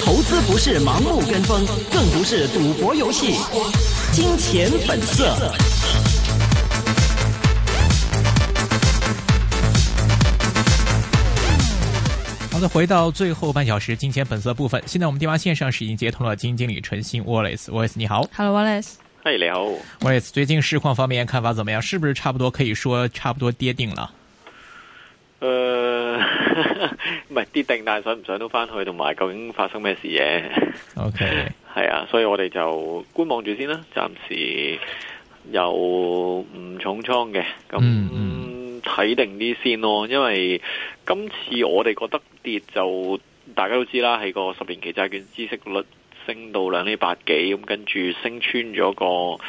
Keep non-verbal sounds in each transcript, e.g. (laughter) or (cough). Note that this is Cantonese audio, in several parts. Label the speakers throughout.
Speaker 1: 投資不是盲目跟風，更不是賭博遊戲。金錢本色。好的，回到最後半小時金錢本色部分。現在我們電話線上是已經接通了基金經理陳昕 Wallace，Wallace 你好
Speaker 2: ，Hello Wallace，
Speaker 1: 嗨，你好，Wallace，最近市況方面看法怎麼樣？是不是差不多可以說差不多跌定了？
Speaker 3: 誒，唔係、uh, (laughs) 跌定，但係想唔想都翻去，同埋究竟發生咩事嘢 (laughs) ？OK，係啊，所以我哋就觀望住先啦，暫時又唔重倉嘅，咁睇、mm hmm. 定啲先咯。因為今次我哋覺得跌就大家都知啦，喺個十年期債券孳息率升到兩千八幾，咁跟住升穿咗個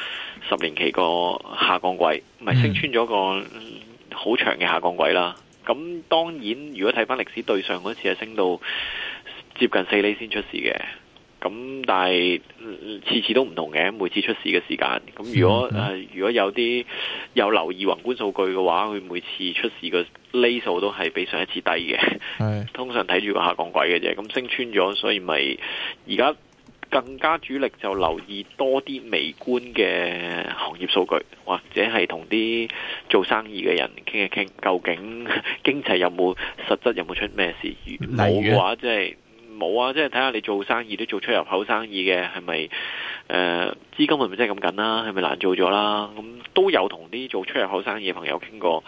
Speaker 3: 十年期個下降軌，唔係升穿咗個好長嘅下降軌啦。Mm hmm. 嗯咁當然，如果睇翻歷史對上嗰次係升到接近四厘先出事嘅，咁但係次、嗯、次都唔同嘅，每次出事嘅時間。咁如果誒、呃、如果有啲有留意宏觀數據嘅話，佢每次出事嘅釐數都係比上一次低嘅。的通常睇住個下降軌嘅啫，咁升穿咗，所以咪而家。更加主力就留意多啲微觀嘅行業數據，或者係同啲做生意嘅人傾一傾，究竟經濟有冇實質有冇出咩事？冇嘅話，即係冇啊！即係睇下你做生意都做出入口生意嘅，係咪誒資金係咪真係咁緊啦、啊？係咪難做咗啦、啊？咁、嗯、都有同啲做出入口生意嘅朋友傾過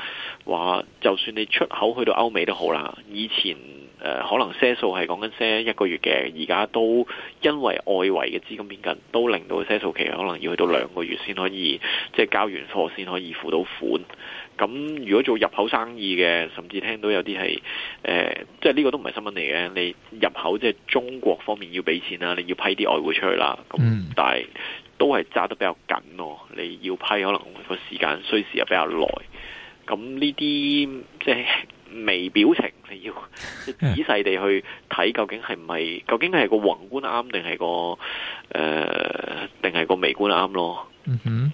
Speaker 3: 話，就算你出口去到歐美都好啦，以前。誒、呃、可能賒數係講緊賒一個月嘅，而家都因為外圍嘅資金變緊，都令到賒數期可能要去到兩個月先可以，即係交完貨先可以付到款。咁如果做入口生意嘅，甚至聽到有啲係誒，即係呢個都唔係新聞嚟嘅。你入口即係中國方面要俾錢啦，你要批啲外匯出去啦。咁、嗯、但係都係揸得比較緊咯，你要批可能個時間需時又比較耐。咁呢啲即係微表情，你要仔細地去睇，究竟係唔係？究竟係個宏觀啱定係個誒，定、呃、係個微觀啱咯？嗯哼。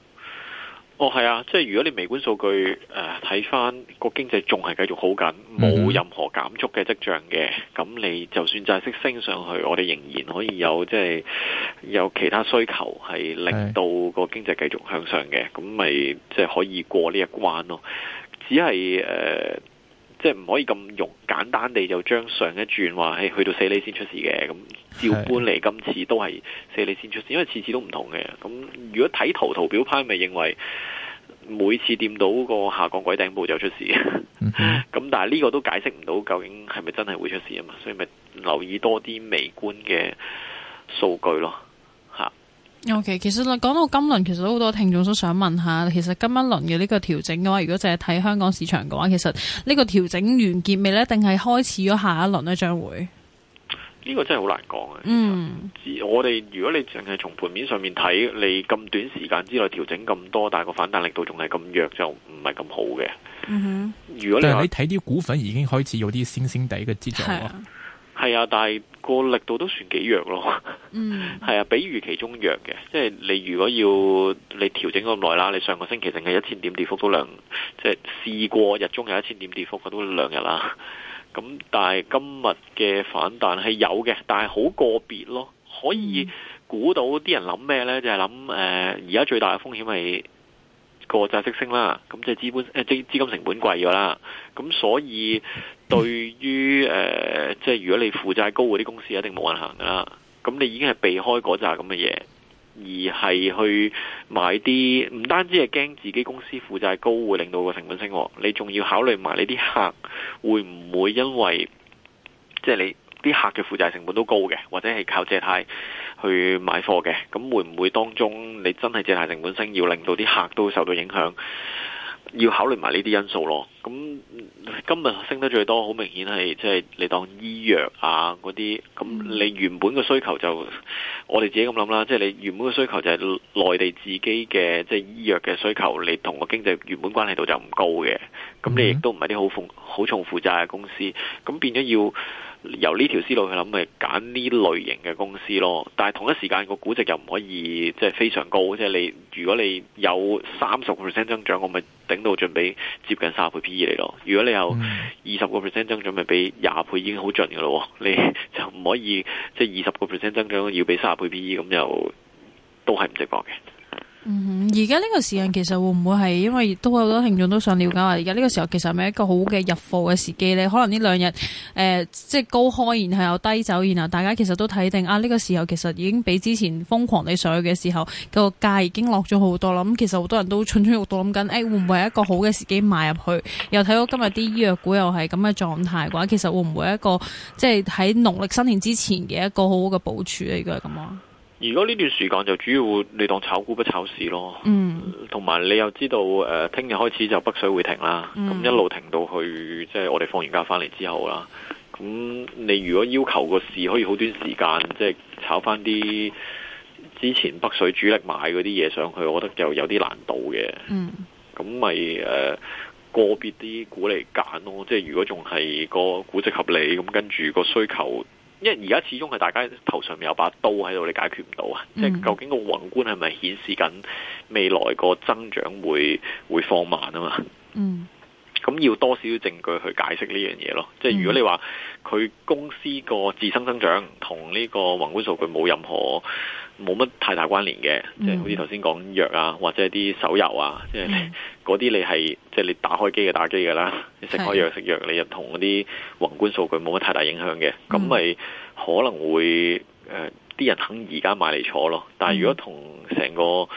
Speaker 3: 哦，係啊，即係如果你微觀數據誒睇翻個經濟仲係繼續好緊，冇任何減速嘅跡象嘅，咁你就算債息升上去，我哋仍然可以有即係有其他需求係令到個經濟繼續向上嘅，咁咪即係可以過呢一關咯，只係誒。呃即係唔可以咁容簡單地就將上一轉話，係去到四釐先出事嘅咁，照搬嚟今次都係四釐先出事，因為次次都唔同嘅。咁如果睇圖圖表派，咪認為每次掂到個下降軌頂部就出事。咁、嗯、哼 (laughs) 但係呢個都解釋唔到究竟係咪真係會出事啊嘛，所以咪留意多啲微觀嘅數據咯。
Speaker 2: O、okay, K，其實嚟講到今輪，其實好多聽眾都想問下，其實今一輪嘅呢個調整嘅話，如果淨係睇香港市場嘅話，其實呢個調整完結未呢？定係開始咗下一輪呢？將會
Speaker 3: 呢個真係好難講啊。嗯，我哋如果你淨係從盤面上面睇，你咁短時間之內調整咁多，但係個反彈力度仲係咁弱，就唔係咁好嘅。嗯
Speaker 1: 哼，
Speaker 3: 如果你話你睇
Speaker 1: 啲股份已經開始有啲星星地嘅跡象，
Speaker 3: 係啊，係啊，但係。個力度都算幾弱咯，係、嗯、啊，比預期中弱嘅，即係你如果要你調整咁耐啦，你上個星期淨係一千點跌幅都兩，即係試過日中有一千點跌幅都兩日啦。咁但係今日嘅反彈係有嘅，但係好個別咯，可以估到啲人諗咩呢？就係諗誒，而、呃、家最大嘅風險係。個債息升啦，咁即係資本誒即係資金成本貴咗啦，咁所以對於誒即係如果你負債高嗰啲公司一定冇運行噶啦，咁你已經係避開嗰扎咁嘅嘢，而係去買啲唔單止係驚自己公司負債高會令到個成本升，你仲要考慮埋你啲客會唔會因為即係、就是、你啲客嘅負債成本都高嘅，或者係靠借貸。去買貨嘅，咁會唔會當中你真係借貸成本升，要令到啲客都受到影響？要考慮埋呢啲因素咯。咁今日升得最多，好明顯係即係你當醫藥啊嗰啲，咁你原本嘅需求就、嗯、我哋自己咁諗啦，即、就、係、是、你原本嘅需求就係內地自己嘅即係醫藥嘅需求，你同個經濟原本關係度就唔高嘅。咁你亦都唔係啲好負好重負債嘅公司，咁變咗要。由呢條思路去諗，咪揀呢類型嘅公司咯。但係同一時間，個估值又唔可以即係非常高。即係你如果你有三十個 percent 增長，我咪頂到盡俾接近三十倍 P E 嚟咯。如果你有二十個 percent 增長，咪俾廿倍已經好盡噶咯。你就唔可以即係二十個 percent 增長要俾三十倍 P E，咁又都係唔正確嘅。
Speaker 2: 而家呢個時間其實會唔會係因為都有好多聽眾都想了解話，而家呢個時候其實係咪一個好嘅入貨嘅時機呢？可能呢兩日誒，即係高開，然後又低走，然後大家其實都睇定啊，呢個時候其實已經比之前瘋狂地上去嘅時候個價已經落咗好多啦。咁其實好多人都蠢蠢欲動諗緊，誒、欸，會唔會係一個好嘅時機買入去？又睇到今日啲醫藥股又係咁嘅狀態嘅話，其實會唔會係一個即係喺農曆新年之前嘅一個好好嘅部署咧？應該係咁啊？
Speaker 3: 如果呢段時間就主要你當炒股不炒市咯，嗯，同埋你又知道誒，聽、呃、日開始就北水會停啦，咁、嗯、一路停到去即係、就是、我哋放完假翻嚟之後啦，咁你如果要求個市可以好短時間即係、就是、炒翻啲之前北水主力買嗰啲嘢上去，我覺得就有啲難度嘅，嗯，咁咪誒個別啲股嚟揀咯，即、就、係、是、如果仲係個估值合理，咁跟住個需求。因為而家始終係大家頭上面有把刀喺度，你解決唔到啊！即係、嗯、究竟個宏觀係咪顯示緊未來個增長會會放慢吖嘛？嗯。咁要多少啲證據去解釋呢樣嘢咯？即係如果你話佢公司個自身增長同呢個宏觀數據冇任何冇乜太大關聯嘅，嗯、即係好似頭先講藥啊，或者啲手遊啊，嗯、即係嗰啲你係即係你打開機就打機㗎啦，你食開藥食藥，你又同嗰啲宏觀數據冇乜太大影響嘅，咁咪、嗯、可能會誒啲、呃、人肯而家買嚟坐咯。但係如果同成個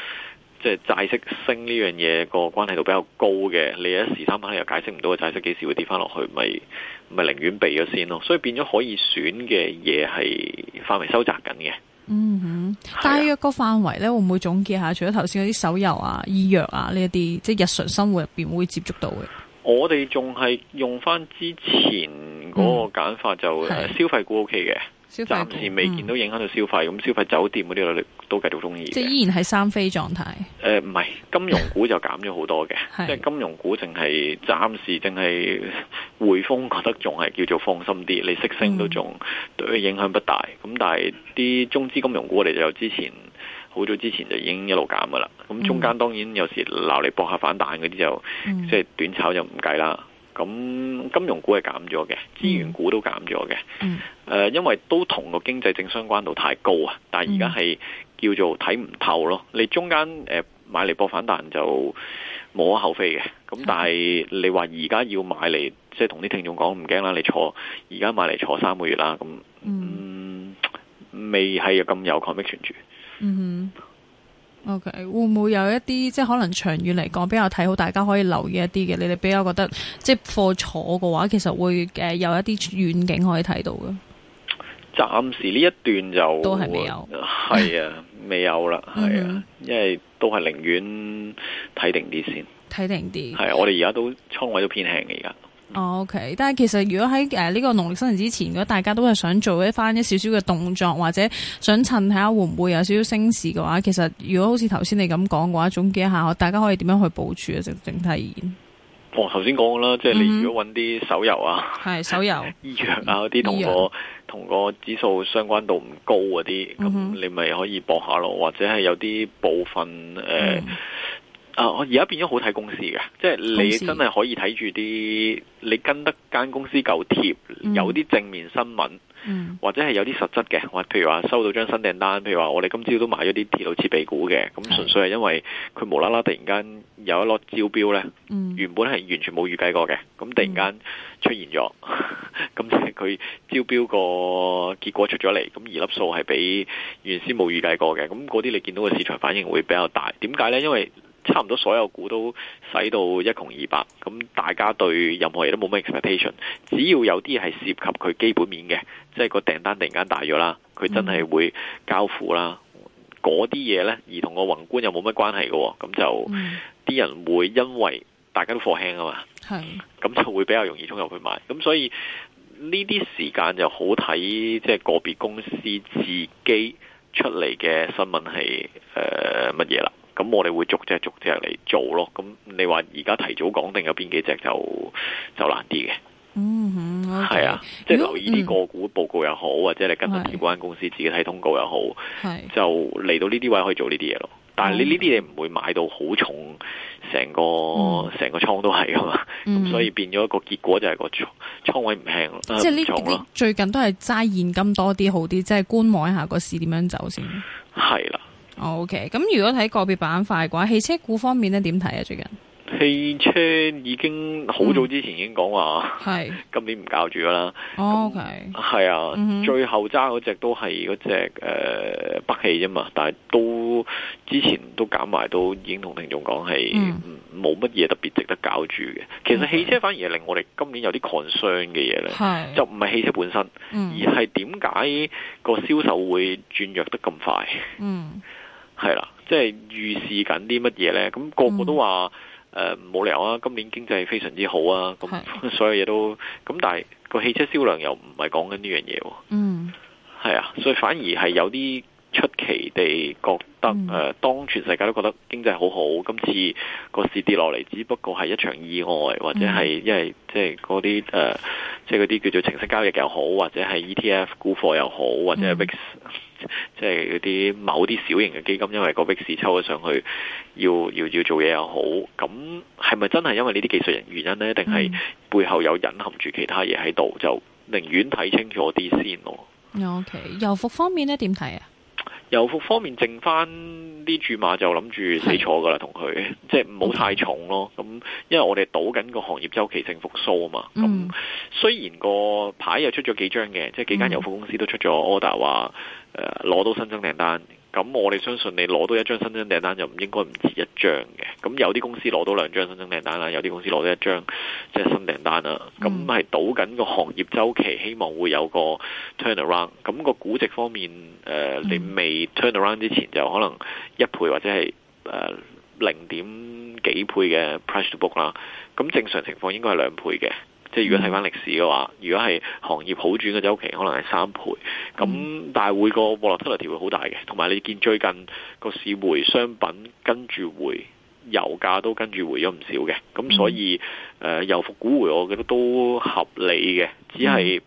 Speaker 3: 即係債息升呢樣嘢個關係度比較高嘅，你一時三刻又解釋唔到個債息幾時會跌翻落去，咪咪寧願避咗先咯。所以變咗可以選嘅嘢係範圍收窄緊嘅。嗯哼，
Speaker 2: 大約個範圍咧會唔會總結下？除咗頭先嗰啲手遊啊、醫藥啊呢一啲，即係日常生活入邊會接觸到嘅。
Speaker 3: 我哋仲係用翻之前嗰個揀法，嗯，就消費股 OK 嘅。暫時未見到影響到消費，咁、嗯、消費酒店嗰啲咧都繼續中意。即
Speaker 2: 依然係三飛狀態。
Speaker 3: 誒、呃，唔係，金融股就減咗好多嘅， (laughs) 是即係金融股淨係暫時淨係匯豐覺得仲係叫做放心啲，你息升都仲對佢影響不大。咁、嗯、但係啲中資金融股我哋就之前好早之前就已經一路減噶啦。咁、嗯、中間當然有時撈嚟搏下反彈嗰啲就、嗯、即係短炒就唔計啦。咁金融股係減咗嘅，資、嗯、源股都減咗嘅。誒、嗯呃，因為都同個經濟正相關度太高啊。但係而家係叫做睇唔透咯。嗯、你中間誒、呃、買嚟博反彈就冇可厚非嘅。咁但係你話而家要買嚟，即係同啲聽眾講唔驚啦。你坐而家買嚟坐三個月啦，咁未係咁有抗力存住。
Speaker 2: OK，會唔會有一啲即係可能長遠嚟講比較睇好，大家可以留意一啲嘅？你哋比較覺得即係貨坐嘅話，其實會誒有一啲遠景可以睇到嘅。
Speaker 3: 暫時呢一段就都係、啊嗯、未有，係啊，未有啦，係啊，因為都係寧願睇定啲先，
Speaker 2: 睇定啲。係
Speaker 3: 啊，我哋而家都倉位都偏輕嘅而家。
Speaker 2: 哦，OK，但係其實如果喺誒呢個農曆新年之前，如果大家都係想做一翻一少少嘅動作，或者想趁下會唔會有少少升市嘅話，其實如果好似頭先你咁講嘅話，總結一下，大家可以點樣去部署啊？整體而言，
Speaker 3: 我頭先講嘅啦，即係你如果揾啲手遊啊，
Speaker 2: 係手遊醫藥啊嗰啲，同個
Speaker 3: 同個指數相關度唔高嗰啲，咁你咪可以博下咯，mm hmm. 或者係有啲部分誒。呃 mm hmm. 啊！而家變咗好睇公司嘅，即係你真係可以睇住啲，你跟得間公司夠貼，有啲正面新聞，嗯、或者係有啲實質嘅，或譬如話收到張新訂單，譬如話我哋今朝都買咗啲鐵路設備股嘅，咁純粹係因為佢無啦啦突然間有一粒招標呢，原本係完全冇預計過嘅，咁突然間出現咗，咁即係佢招標個結果出咗嚟，咁而粒數係比原先冇預計過嘅，咁嗰啲你見到個市場反應會比較大。點解呢？因為差唔多所有股都洗到一窮二白，咁大家對任何嘢都冇咩 expectation。只要有啲嘢係涉及佢基本面嘅，即係個訂單突然間大咗啦，佢真係會交付啦。嗰啲嘢呢，而同個宏觀又冇乜關係嘅，咁就啲、嗯、人會因為大家都貨輕啊嘛，咁是就會比較容易衝入去買。咁所以呢啲時間就好睇，即、就、係、是、個別公司自己出嚟嘅新聞係誒乜嘢啦。呃咁我哋會逐隻逐隻嚟做咯，咁你話而家提早講定有邊幾隻就就難啲嘅。嗯，係、嗯、啊、嗯、即係留意啲個股報告又好，嗯、或者你跟住嗰間公司自己睇通告又好，是就嚟到呢啲位可以做呢啲嘢咯。但係你呢啲嘢唔會買到好重，成個成、嗯、個倉都係噶嘛。咁、嗯嗯啊、所以變咗一個結果就係個倉倉位唔輕，即係呢啲
Speaker 2: 最近都係揸現金多啲好啲，即、就、係、是、觀望一下個市點樣走先。係啦。OK，咁如果睇個別板塊嘅話，汽車股方面咧點睇啊？最近
Speaker 3: 汽車已經好早之前已經講話，係今年唔搞住㗎啦。OK，係啊，嗯、最後揸嗰隻都係嗰隻誒北汽啫嘛，但係都之前都減埋，都已經同聽眾講係冇乜嘢特別值得搞住嘅。嗯、其實汽車反而係令我哋今年有啲 concern 嘅嘢咧，嗯、就唔係汽車本身，嗯、而係點解個銷售會轉弱得咁快？嗯。係啦，即係預示緊啲乜嘢咧？咁個個都話誒冇理由啊，今年經濟非常之好啊，咁所有嘢都咁，但係個汽車銷量又唔係講緊呢樣嘢。嗯，係啊，所以反而係有啲。出奇地覺得誒，嗯、當全世界都覺得經濟好好，今次個市跌落嚟，只不過係一場意外，嗯、或者係因為即係嗰啲誒，即係嗰啲叫做程式交易又好，或者係 ETF 沽貨又好，或者係 VIX 即係嗰啲某啲小型嘅基金，因為個 VIX 抽咗上去，要要要做嘢又好，咁係咪真係因為呢啲技術人原因呢？定係背後有隱含住其他嘢喺度？就寧願睇清楚啲先咯。
Speaker 2: O.K. 油服方面咧點睇啊？
Speaker 3: 油服方面剩翻啲注碼就諗住死坐噶啦，同佢是即係唔好太重咯。咁因為我哋賭緊個行業周期性復甦啊嘛。咁、嗯、雖然個牌又出咗幾張嘅，即係幾間油服公司都出咗 order 話誒，攞、呃、到新增訂單。咁我哋相信你攞到一張新增訂單，就唔應該唔止一張嘅，咁有啲公司攞到兩張新增訂單啦，有啲公司攞到一張即係新訂單啦。咁係賭緊個行業周期，希望會有個 turnaround。咁個估值方面，誒、呃、你未 turnaround 之前就可能一倍或者係誒零點幾倍嘅 price to book 啦。咁正常情況應該係兩倍嘅。即係如果睇翻歷史嘅話，如果係行業好轉嘅周期，可能係三倍。咁、嗯、但係會個 volatility 會好大嘅，同埋你見最近個市回，商品跟住回，油價都跟住回咗唔少嘅。咁所以誒油股股回，我覺得都合理嘅。只係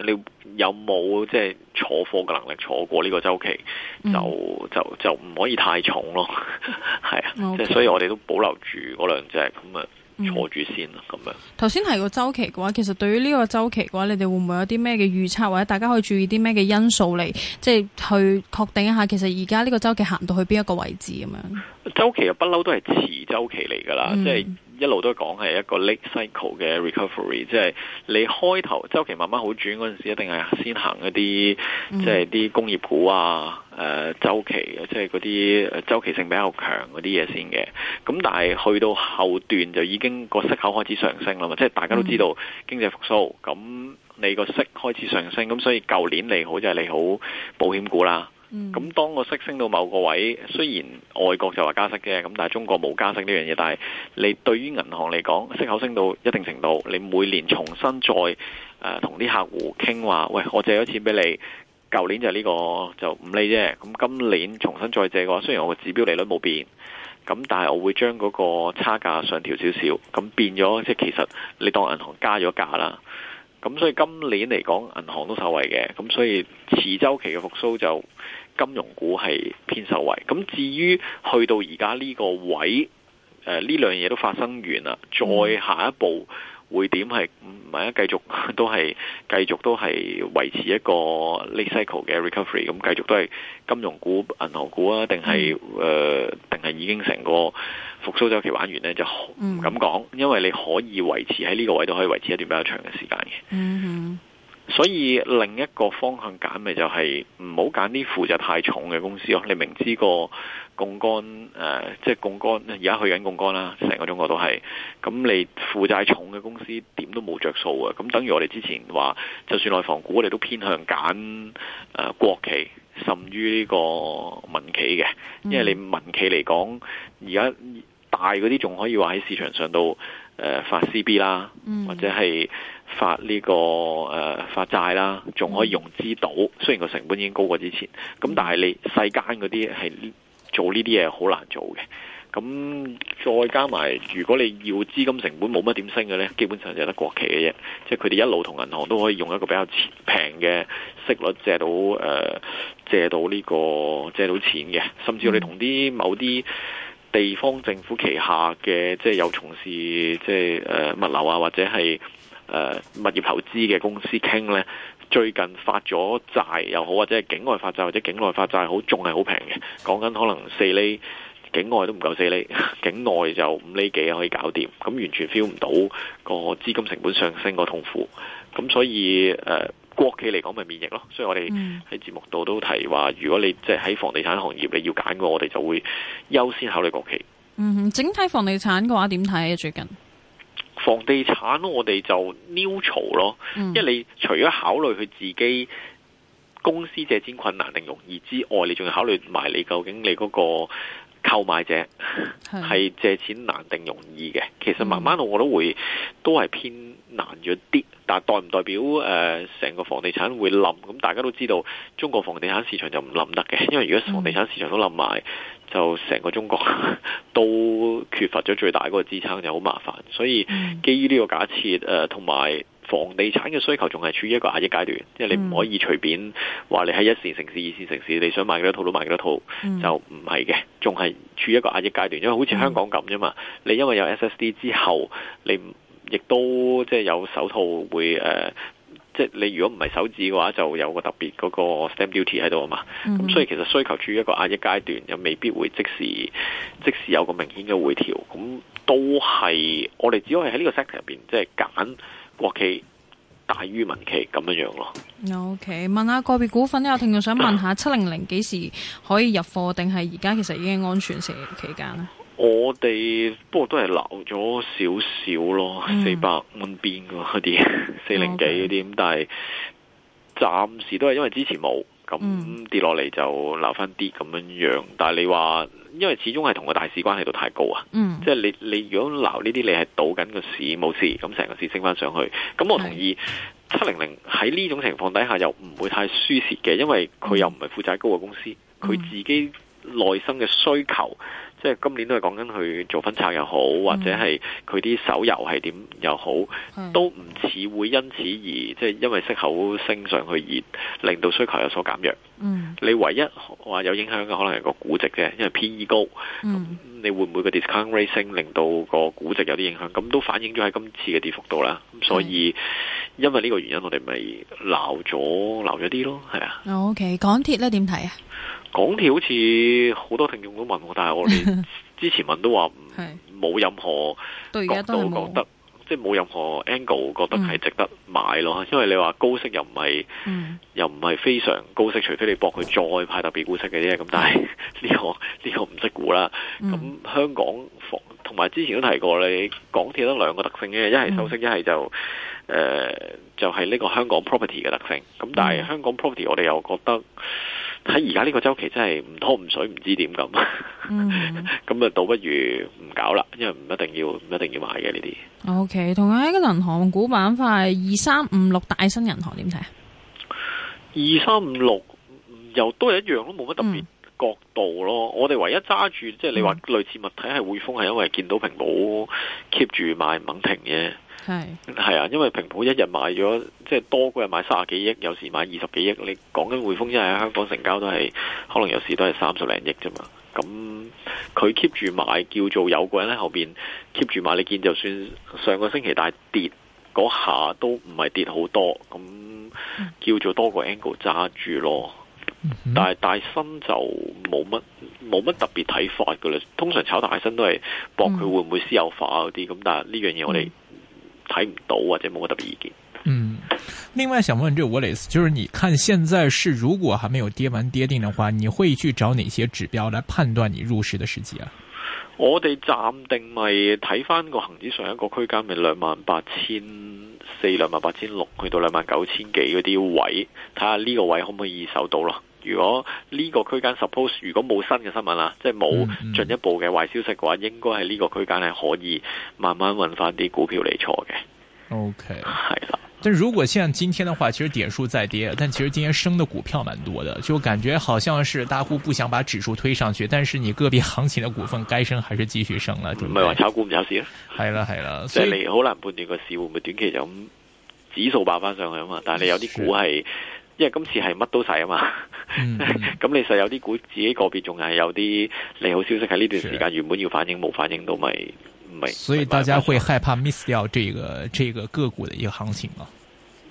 Speaker 3: 你有冇即係坐貨嘅能力，坐過呢個周期，就、嗯、就就唔可以太重咯。係 (laughs) 啊是，即係 Okay. 所以我哋都保留住嗰兩隻咁啊。嗯坐住先啦，咁樣、
Speaker 2: 嗯。頭先提個周期嘅話，其實對於呢個周期嘅話，你哋會唔會有啲咩嘅預測，或者大家可以注意啲咩嘅因素嚟，即係去確定一下，其實而家呢個周期行到去邊一個位置咁樣？
Speaker 3: 周期啊，不嬲都係遲周期嚟噶啦，即係。一路都講係一個 late cycle 嘅 recovery，即係你開頭周期慢慢好轉嗰陣時，一定係先行一啲即係啲工業股啊，誒、呃、週期即係嗰啲周期性比較強嗰啲嘢先嘅。咁但係去到後段就已經個息口開始上升啦嘛，即係大家都知道經濟復甦，咁你個息開始上升，咁所以舊年利好就係利好保險股啦。咁、嗯、當個息升到某個位，雖然外國就話加息嘅，咁但係中國冇加息呢樣嘢。但係你對於銀行嚟講，息口升到一定程度，你每年重新再誒同啲客戶傾話，喂，我借咗錢俾你，舊年就呢、呢個就唔理啫。咁、嗯、今年重新再借嘅話，雖然我個指標利率冇變，咁但係我會將嗰個差價上調少少，咁變咗即係其實你當銀行加咗價啦。咁所以今年嚟講，銀行都受惠嘅，咁所以次周期嘅復甦就金融股係偏受惠。咁至於去到而家呢個位，誒呢兩嘢都發生完啦，再下一步會點係？唔係啊，繼續都係繼續都係維持一個 late cycle 嘅 recovery，咁繼續都係金融股、銀行股啊，定係誒？嗯呃係已經成個復甦周期玩完咧，就唔敢講，嗯、因為你可以維持喺呢個位都可以維持一段比較長嘅時間嘅。嗯、哼所以另一個方向揀咪就係唔好揀啲負債太重嘅公司咯。你明知個槓桿，誒，即係槓桿而家去緊槓桿啦，成個中國都係。咁你負債重嘅公司點都冇着數啊。咁等於我哋之前話，就算內房股，我哋都偏向揀誒、呃、國企。甚於呢個民企嘅，因為你民企嚟講，而家、嗯、大嗰啲仲可以話喺市場上度誒發 CB 啦，嗯、或者係發呢、呢個誒、呃、發債啦，仲可以融資到。嗯、雖然個成本已經高過之前，咁但係你細間嗰啲係做呢啲嘢好難做嘅。咁再加埋，如果你要資金成本冇乜點升嘅呢，基本上就得國企嘅啫。即係佢哋一路同銀行都可以用一個比較平嘅息率借到誒、呃、借到呢個借到錢嘅，甚至我哋同啲某啲地方政府旗下嘅，即係有從事即係誒物流啊，或者係誒物業投資嘅公司傾呢，最近發咗債又好，或者係境外發債或者境內發債好，仲係好平嘅，講緊可能四厘。境外都唔夠四厘，境內就五厘幾可以搞掂，咁完全 feel 唔到個資金成本上升個痛苦，咁所以誒、呃、國企嚟講咪免疫咯，所以我哋喺節目度都提話，如果你即係喺房地產行業，你要揀嘅，我哋就會優先考慮國企。
Speaker 2: 嗯、整體房地產嘅話點睇啊？最近
Speaker 3: 房地產我哋就 neutral 咯，因為你除咗考慮佢自己公司借錢困難定容易之外，你仲要考慮埋你究竟你嗰、那個。購買者係借錢難定容易嘅，其實慢慢我覺得會都係偏難咗啲，但係代唔代表誒成、呃、個房地產會冧？咁大家都知道中國房地產市場就唔冧得嘅，因為如果房地產市場都冧埋，嗯、就成個中國都缺乏咗最大嗰個支撐，就好麻煩。所以基於呢個假設誒，同、呃、埋。房地產嘅需求仲係處於一個壓抑階段，嗯、即係你唔可以隨便話你喺一線城市、嗯、二線城市，你想買幾多套都買幾多套，嗯、就唔係嘅。仲係處於一個壓抑階段，因為好似香港咁啫嘛。嗯、你因為有 SSD 之後，你亦都即係有首套會誒、呃，即係你如果唔係手指嘅話，就有個特別嗰個 stamp duty 喺度啊嘛。咁、嗯、所以其實需求處於一個壓抑階段，又未必會即時即時有個明顯嘅回調。咁都係我哋只可以喺呢個 sector 入邊即係揀。就是國企大於民企咁樣樣咯。
Speaker 2: OK，問下個別股份咧，有聽眾想問下七零零幾時可以入貨，定係而家其實已經安全期期間咧？
Speaker 3: 我哋不過都係留咗少少咯，四百蚊邊嗰啲四零幾嗰啲，咁但係暫時都係因為之前冇咁跌落嚟就留翻啲咁樣樣，但係你話。因為始終係同個大市關係度太高啊，嗯、即係你你如果鬧呢啲，你係賭緊個市冇事，咁成個市升返上去，咁我同意七零零喺呢種情況底下又唔會太輸蝕嘅，因為佢又唔係負債高嘅公司，佢自己、嗯。內心嘅需求，即係今年都係講緊去做分拆又好，嗯、或者係佢啲手遊係點又好，是的 都唔似會因此而即係因為息口升上去而令到需求有所減弱。嗯、你唯一話有影響嘅可能係個估值嘅，因為偏高。嗯，你會唔會個 discount rate 升令到個估值有啲影響？咁都反映咗喺今次嘅跌幅度啦。咁是的 所以因為呢個原因，我哋咪鬧咗鬧咗啲咯，係啊。
Speaker 2: O K。港鐵咧點睇啊？
Speaker 3: 港鐵好似好多聽眾都問我，但係我哋之前問都話冇 (laughs) 是任何
Speaker 2: 角度覺
Speaker 3: 得，即係冇任何 angle 覺得係值得買咯。嗯、因為你話高息又唔係，
Speaker 1: 嗯、
Speaker 3: 又唔係非常高息，除非你搏佢再派特別股息嘅啫。咁但係呢、 (laughs) 這個呢、這個唔識估啦。咁、嗯、香港房同埋之前都提過，你港鐵得兩個特性嘅，一係收息，一係就誒、呃、就係、是、呢個香港 property 嘅特性。咁但係香港 property 我哋又覺得。睇而家呢個周期真係唔湯唔水唔知點咁，咁啊、嗯、 (laughs) 倒不如唔搞啦，因為唔一定要唔一定要買嘅呢啲。
Speaker 2: O、okay, K，同埋喺銀行股板塊二三五六大新銀行點睇啊？
Speaker 3: 二三五六又都係一樣咯，冇乜特別角度咯。嗯、我哋唯一揸住即係你話類似物體係匯豐，係因為見到屏幕 keep 住買唔肯停嘅。係，係啊，因為平鋪一日買咗，即係多個日買三十幾億，有時買二十幾億。你講緊匯豐，因為喺香港成交都係，可能有時都係三十零億啫嘛。咁、嗯、佢 keep 住買，叫做有個人喺後邊 keep 住買。你見就算上個星期大跌嗰下都唔係跌好多，咁叫做多個 angle 揸住咯。但係大新就冇乜，冇乜特別睇法噶啦。通常炒大新都係博佢會唔會私有化嗰啲。咁但係呢樣嘢我哋。嗯睇唔到或者冇乜特別意見。嗯，
Speaker 1: 另外想問，這個，這 Wallace，就是你看現在是如果還沒有跌完跌定的話，你會去找哪些指標來判斷你入市的時機啊？
Speaker 3: 我哋暫定咪睇翻個恒指上一個區間咪兩萬八千四、兩萬八千六去到兩萬九千幾嗰啲位，睇下呢個位可唔可以守到咯？如果呢個區間 suppose 如果冇新嘅新聞啦，即係冇進一步嘅壞消息嘅話，嗯嗯，應該係呢個區間係可以慢慢運翻啲股票嚟坐嘅。
Speaker 1: O K，係啦。但如果像今天嘅話，其實點數再跌，但其實今天升嘅股票蠻多的，就感覺好像是大戶不想把指數推上去，但是你個別行情嘅股份該升還是繼續升啦。唔係話
Speaker 3: 炒股唔炒市咯 (laughs) ，
Speaker 1: 係啦係啦，所以
Speaker 3: 好 (laughs) 難判斷個市會唔會短期就咁指數爆翻上去啊嘛，但係你有啲股係。因為今次係乜都洗啊嘛，咁、 (laughs) 嗯 (laughs) 嗯、你實有啲股自己個別仲係有啲利好消息喺呢段時間，原本要反應冇是反應到咪咪。所以
Speaker 1: 大家會害怕 miss 掉這個、這個、個股嘅一個行情啊。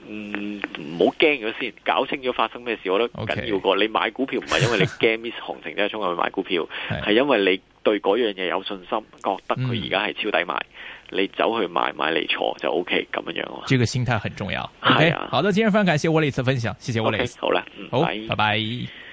Speaker 3: 唔好驚咗先，搞清楚發生咩事，我覺得緊要過你買股票。唔係因為你驚 miss 行情，即係衝入去買股票，係 (laughs) 因為你對嗰樣嘢有信心，覺得佢而家係超抵買。嗯你走去買買嚟坐就 OK 咁樣樣，咯，
Speaker 1: 呢個心態很重要。ok、啊、好的，今日非常感謝沃一次分享，謝謝沃磊。Okay, 好啦，好，拜拜 Bye。